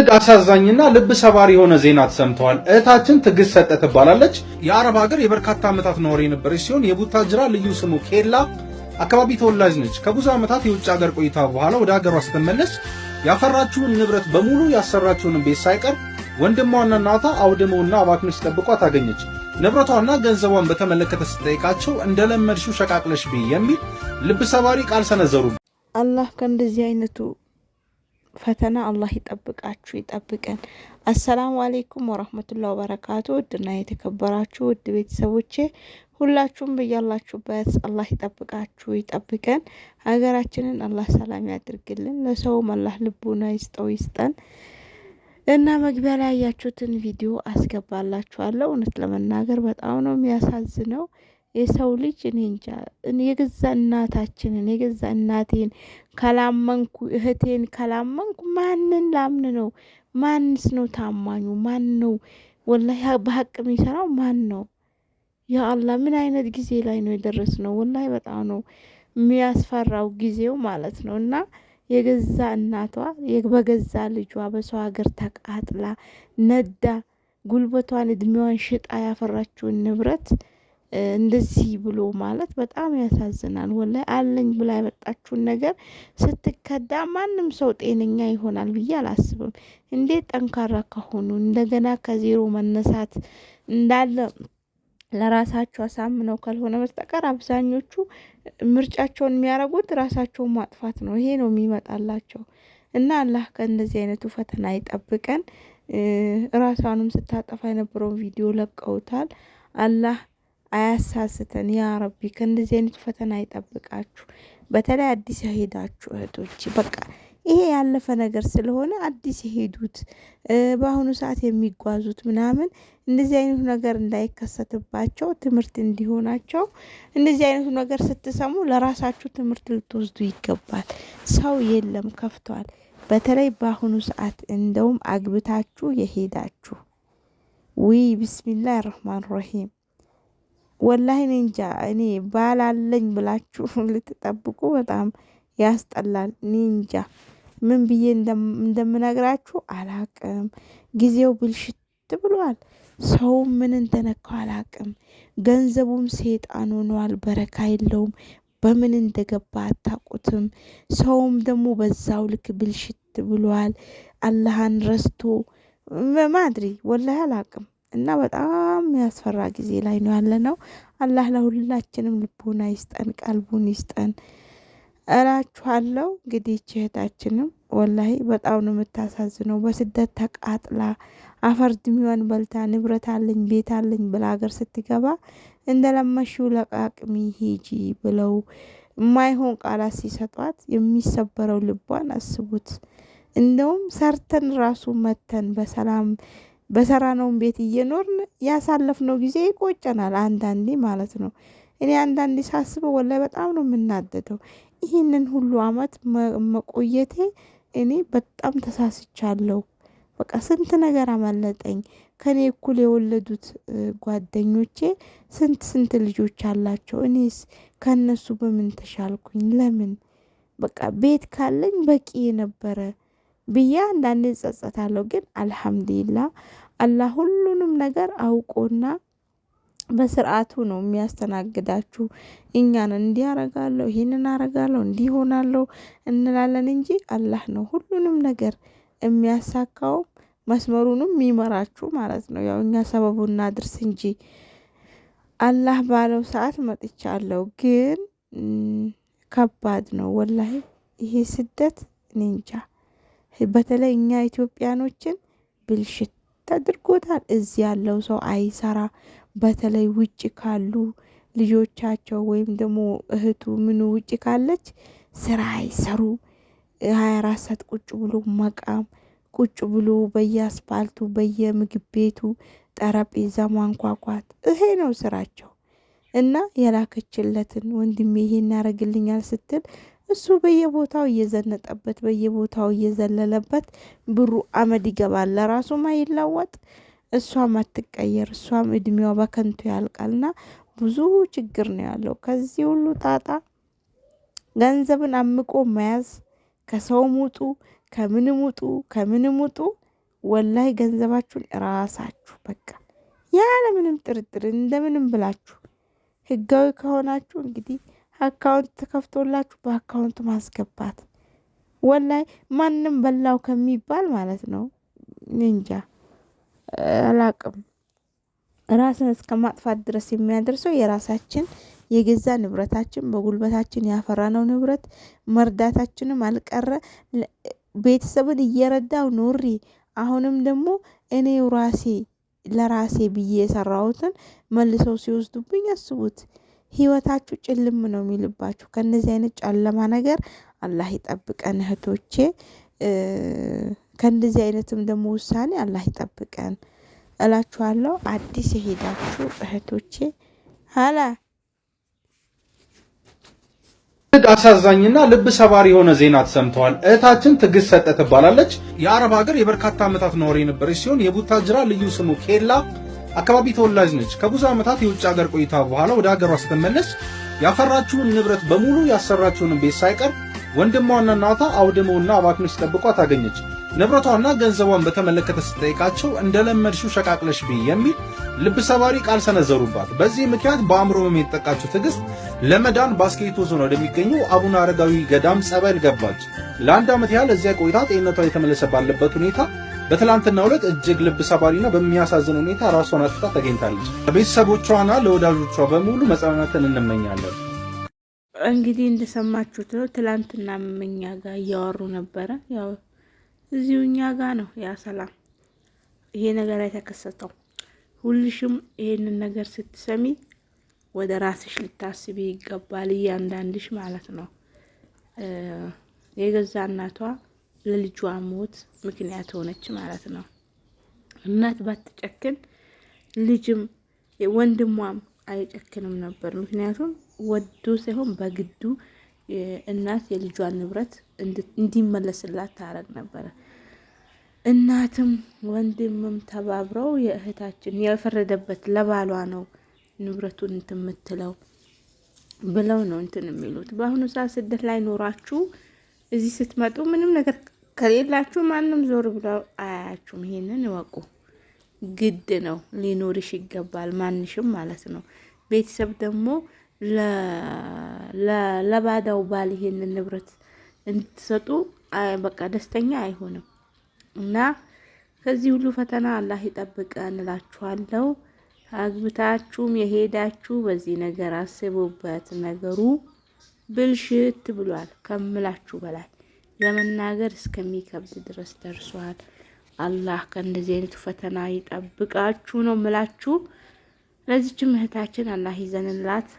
እጅግ አሳዛኝና ልብ ሰባሪ የሆነ ዜና ተሰምተዋል። እህታችን ትግስት ሰጠ ትባላለች። የአረብ ሀገር የበርካታ ዓመታት ነዋሪ የነበረች ሲሆን የቡታጅራ ልዩ ስሙ ኬላ አካባቢ ተወላጅ ነች። ከብዙ ዓመታት የውጭ ሀገር ቆይታ በኋላ ወደ ሀገሯ ስትመለስ ያፈራችውን ንብረት በሙሉ ያሰራችውን ቤት ሳይቀር ወንድሟና እናቷ አውድመውና አባክኖ ሲጠብቋ ታገኘች። ንብረቷና ገንዘቧን በተመለከተ ስጠይቃቸው እንደለመድሽው ሸቃቅለሽ ብይ የሚል ልብ ሰባሪ ቃል ሰነዘሩ። አላህ ከእንደዚህ አይነቱ ፈተና አላህ ይጠብቃችሁ ይጠብቀን። አሰላሙ አሌይኩም ወራህመቱላ ወበረካቱ። ውድና የተከበራችሁ ውድ ቤተሰቦቼ ሁላችሁም በያላችሁበት አላህ ይጠብቃችሁ ይጠብቀን። ሀገራችንን አላህ ሰላም ያድርግልን። ለሰውም አላህ ልቡና ይስጠው ይስጠን። እና መግቢያ ላይ ያያችሁትን ቪዲዮ አስገባላችኋለሁ። እውነት ለመናገር በጣም ነው የሚያሳዝነው። የሰው ልጅ እኔ እንጃ የገዛ እናታችንን የገዛ እናቴን ካላመንኩ እህቴን ካላመንኩ ማንን ላምን ነው? ማንስ ነው ታማኙ? ማን ነው ወላሂ በሀቅ የሚሰራው ማን ነው? ያአላህ ምን አይነት ጊዜ ላይ ነው ነው? ወላሂ በጣም ነው የሚያስፈራው ጊዜው ማለት ነው። እና የገዛ እናቷ በገዛ ልጇ በሰው ሀገር ተቃጥላ ነዳ ጉልበቷን እድሜዋን ሽጣ ያፈራችውን ንብረት እንደዚህ ብሎ ማለት በጣም ያሳዝናል። ወላሂ አለኝ ብላ ያመጣችውን ነገር ስትከዳ ማንም ሰው ጤነኛ ይሆናል ብዬ አላስብም። እንዴት ጠንካራ ከሆኑ እንደገና ከዜሮ መነሳት እንዳለ ለራሳቸው አሳምነው ካልሆነ በስተቀር አብዛኞቹ ምርጫቸውን የሚያደርጉት ራሳቸውን ማጥፋት ነው። ይሄ ነው የሚመጣላቸው እና አላህ ከእንደዚህ አይነቱ ፈተና ይጠብቀን። ራሷንም ስታጠፋ የነበረውን ቪዲዮ ለቀውታል። አላህ አያሳስተን ያ ረቢ። ከእንደዚህ አይነት ፈተና ይጠብቃችሁ። በተለይ አዲስ የሄዳችሁ እህቶች በቃ ይሄ ያለፈ ነገር ስለሆነ አዲስ የሄዱት በአሁኑ ሰዓት የሚጓዙት ምናምን እንደዚህ አይነቱ ነገር እንዳይከሰትባቸው ትምህርት እንዲሆናቸው እንደዚህ አይነቱ ነገር ስትሰሙ ለራሳችሁ ትምህርት ልትወስዱ ይገባል። ሰው የለም ከፍቷል። በተለይ በአሁኑ ሰዓት እንደውም አግብታችሁ የሄዳችሁ ውይ ብስሚላህ ረህማን ረሂም። ወላሂ እኔ እንጃ እኔ ባላለኝ ብላችሁ ልትጠብቁ በጣም ያስጠላል። እኔ እንጃ ምን ብዬ እንደምነግራችሁ አላቅም። ጊዜው ብልሽት ብሏል። ሰውም ምን እንደነካው አላቅም። ገንዘቡም ሴጣን ሆኗል። በረካ የለውም። በምን እንደገባ አታቁትም ሰውም ደግሞ በዛው ልክ ብልሽት ብሏል። አላህን ረስቶ ማድሪ ወላሂ አላቅም። እና በጣም ያስፈራ ጊዜ ላይ ነው ያለ ነው። አላህ ለሁላችንም ልቦና ይስጠን፣ ቀልቡን ይስጠን እላችኋለሁ። እንግዲህ ችህታችንም ወላሂ በጣም ነው የምታሳዝነው። በስደት ተቃጥላ አፈር ድሜዋን በልታ ንብረት አለኝ ቤት አለኝ ብላ ሀገር ስትገባ እንደ ለመሽው ለቃቅሚ ሂጂ ብለው የማይሆን ቃላት ሲሰጧት የሚሰበረው ልቧን አስቡት። እንደውም ሰርተን ራሱ መተን በሰላም በሰራነው ቤት እየኖርን ያሳለፍነው ጊዜ ይቆጨናል፣ አንዳንዴ ማለት ነው። እኔ አንዳንዴ ሳስበው ወላሂ በጣም ነው የምናደደው። ይህንን ሁሉ አመት መቆየቴ እኔ በጣም ተሳስቻለሁ። በቃ ስንት ነገር አመለጠኝ። ከኔ እኩል የወለዱት ጓደኞቼ ስንት ስንት ልጆች አላቸው። እኔስ ከነሱ በምን ተሻልኩኝ? ለምን በቃ ቤት ካለኝ በቂ የነበረ ብዬ አንዳንዴ እጸጸታለሁ። ግን አልሐምዱሊላ አላህ ሁሉንም ነገር አውቆና በስርዓቱ ነው የሚያስተናግዳችሁ። እኛን እንዲህ አደርጋለሁ ይሄንን አደርጋለሁ እንዲህ እንላለን እንጂ አላህ ነው ሁሉንም ነገር የሚያሳካው መስመሩንም የሚመራችሁ ማለት ነው። ያው እኛ ሰበቡን እናድርስ እንጂ አላህ ባለው ሰዓት መጥቻለሁ። ግን ከባድ ነው ወላሂ ይሄ ስደት እኔ እንጃ በተለይ እኛ ኢትዮጵያኖችን ብልሽት አድርጎታል። እዚህ ያለው ሰው አይሰራ። በተለይ ውጭ ካሉ ልጆቻቸው ወይም ደግሞ እህቱ ምኑ ውጭ ካለች ስራ አይሰሩ። ሀያ አራት ሰዓት ቁጭ ብሎ መቃም፣ ቁጭ ብሎ በየአስፋልቱ በየምግብ ቤቱ ጠረጴዛ ማንኳኳት፣ ይሄ ነው ስራቸው። እና የላከችለትን ወንድሜ ይሄን ያደርግልኛል ስትል እሱ በየቦታው እየዘነጠበት በየቦታው እየዘለለበት ብሩ አመድ ይገባል። ለራሱ ማይለወጥ እሷም አትቀየር፣ እሷም እድሜዋ በከንቱ ያልቃልና ብዙ ችግር ነው ያለው። ከዚህ ሁሉ ጣጣ ገንዘብን አምቆ መያዝ ከሰውም ውጡ፣ ከምንም ውጡ፣ ከምንም ውጡ። ወላይ ገንዘባችሁን ራሳችሁ በቃ ያለምንም ጥርጥር እንደምንም ብላችሁ ህጋዊ ከሆናችሁ እንግዲህ አካውንት ተከፍቶላችሁ በአካውንት ማስገባት ወላይ ማንም በላው ከሚባል ማለት ነው። እንጃ አላቅም። ራስን እስከ ማጥፋት ድረስ የሚያደርሰው የራሳችን የገዛ ንብረታችን በጉልበታችን ያፈራነው ንብረት መርዳታችንም አልቀረ። ቤተሰብን እየረዳው ኑሪ። አሁንም ደግሞ እኔው ራሴ ለራሴ ብዬ የሰራሁትን መልሰው ሲወስዱብኝ አስቡት። ህይወታችሁ ጭልም ነው የሚልባችሁ። ከነዚህ አይነት ጨለማ ነገር አላህ ይጠብቀን እህቶቼ። ከእንደዚህ አይነትም ደግሞ ውሳኔ አላህ ይጠብቀን እላችኋለሁ። አዲስ የሄዳችሁ እህቶቼ ሀላ አሳዛኝና ልብ ሰባሪ የሆነ ዜና ተሰምተዋል። እህታችን ትዕግስት ሰጠ ትባላለች። የአረብ ሀገር የበርካታ ዓመታት ነዋሪ የነበረች ሲሆን የቡታጅራ ልዩ ስሙ ኬላ አካባቢ ተወላጅ ነች። ከብዙ ዓመታት የውጭ ሀገር ቆይታ በኋላ ወደ ሀገሯ ስትመለስ ያፈራችውን ንብረት በሙሉ ያሰራችውን ቤት ሳይቀር ወንድሟና እናቷ አውድመውና አባክኖ ሲጠብቋ ታገኘች። ንብረቷና ገንዘቧን በተመለከተ ስትጠይቃቸው እንደለመድሽው ሸቃቅለሽ ብይ የሚል ልብ ሰባሪ ቃል ሰነዘሩባት። በዚህ ምክንያት በአእምሮ ህመም የተጠቃችው ትዕግስት ለመዳን ባስኬቶ ዞን ወደሚገኘው አቡነ አረጋዊ ገዳም ጸበል ገባች። ለአንድ ዓመት ያህል እዚያ ቆይታ ጤንነቷ የተመለሰ ባለበት ሁኔታ በትላንትና ዕለት እጅግ ልብ ሰባሪና በሚያሳዝን ሁኔታ ራሷን አጥፍታ ተገኝታለች። ለቤተሰቦቿና ለወዳጆቿ በሙሉ መጽናናትን እንመኛለን። እንግዲህ እንደሰማችሁት ነው። ትላንትና እኛ ጋር እያወሩ ነበረ። ያው እዚሁ እኛ ጋር ነው ያ ሰላም ይሄ ነገር የተከሰተው። ሁልሽም ይሄንን ነገር ስትሰሚ ወደ ራስሽ ልታስቢ ይገባል፣ እያንዳንድሽ ማለት ነው የገዛ እናቷ ለልጇ ሞት ምክንያት ሆነች ማለት ነው። እናት ባትጨክን ልጅም ወንድሟም አይጨክንም ነበር። ምክንያቱም ወዶ ሳይሆን በግዱ እናት የልጇን ንብረት እንዲመለስላት ታረግ ነበረ። እናትም ወንድምም ተባብረው የእህታችን የፈረደበት ለባሏ ነው ንብረቱን እንትን የምትለው ብለው ነው እንትን የሚሉት። በአሁኑ ሰዓት ስደት ላይ ኖራችሁ እዚህ ስትመጡ ምንም ነገር ከሌላችሁ ማንም ዞር ብለው አያያችሁም። ይሄንን እወቁ። ግድ ነው ሊኖርሽ ይገባል፣ ማንሽም ማለት ነው። ቤተሰብ ደግሞ ለባዳው ባል ይሄንን ንብረት እንድትሰጡ በቃ ደስተኛ አይሆንም እና ከዚህ ሁሉ ፈተና አላህ ይጠብቀን እላችኋለሁ። አግብታችሁም የሄዳችሁ በዚህ ነገር አስቡበት። ነገሩ ብልሽት ብሏል ከምላችሁ በላይ ለመናገር እስከሚከብድ ድረስ ደርሷል። አላህ ከእንደዚህ አይነቱ ፈተና ይጠብቃችሁ ነው ምላችሁ። ለዚችም እህታችን አላህ ይዘንላት።